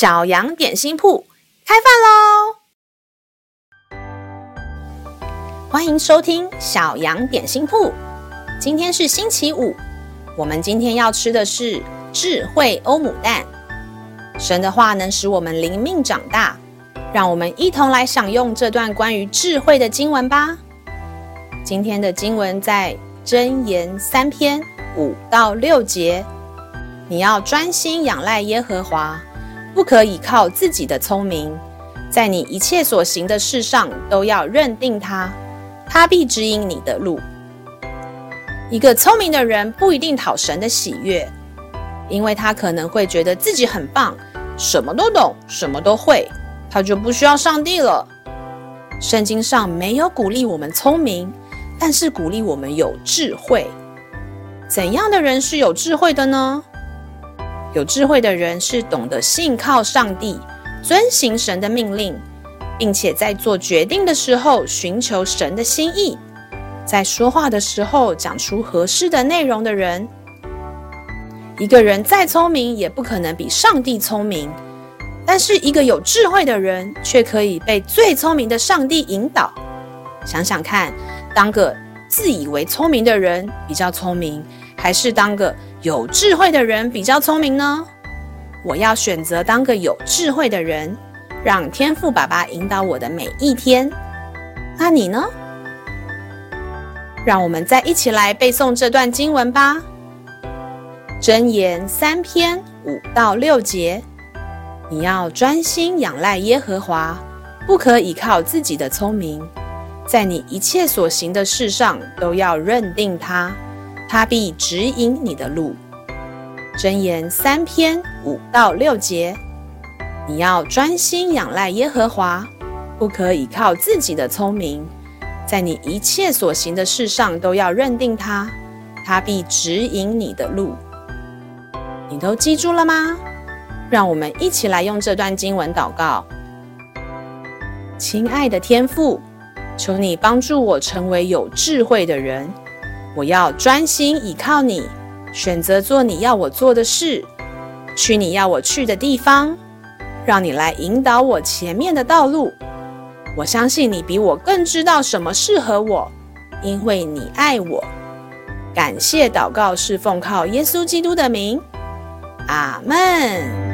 小羊點心鋪開飯嘍！歡迎收聽小羊點心鋪。今天是星期五，我們今天要吃的是智慧歐姆蛋。神的話能使我們靈命長大，讓我們一同來享用這段關於智慧的經文吧。今天的經文在箴言三篇五到六節。你要專心仰賴耶和華，不可倚靠自己的聰明，在你一切所行的事上都要認定他。他必指引你的路。一個聰明的人不一定討神的喜悅，因為他可能會覺得自己很棒，什麼都懂，什麼都會，他就不需要上帝了。聖經上沒有鼓勵我們聰明，但是鼓勵我們有智慧。怎樣的人是有智慧的呢？有智慧的人是懂得信靠上帝、遵行神的命令，並且在做決定的時候尋求神的心意，在說話的時候講出合適的內容的人。一個人再聰明，也不可能比上帝聰明，但是一個有智慧的人，卻可以被最聰明的上帝引導。想想看，當個自以為聰明的人比較聰明，還是當個……有智慧的人比較聰明呢？我要選擇當個有智慧的人，讓天父爸爸引導我的每一天。那你呢？讓我們再一起來背誦這段經文吧。箴言三篇五到六節：你要專心仰賴耶和華，不可倚靠自己的聰明，在你一切所行的事上都要認定他。他必指引你的路。箴言三篇五到六節，你要專心仰賴耶和華，不可以靠自己的聰明，在你一切所行的事上都要認定他，他必指引你的路。你都記住了嗎？讓我們一起來用這段經文禱告。親愛的天父，求你幫助我成為有智慧的人。我要專心倚靠你，選擇做你要我做的事，去你要我去的地方，讓你來引導我前面的道路。我相信你比我更知道什麼適合我，因為你愛我。感謝禱告是奉靠耶穌基督的名，阿門。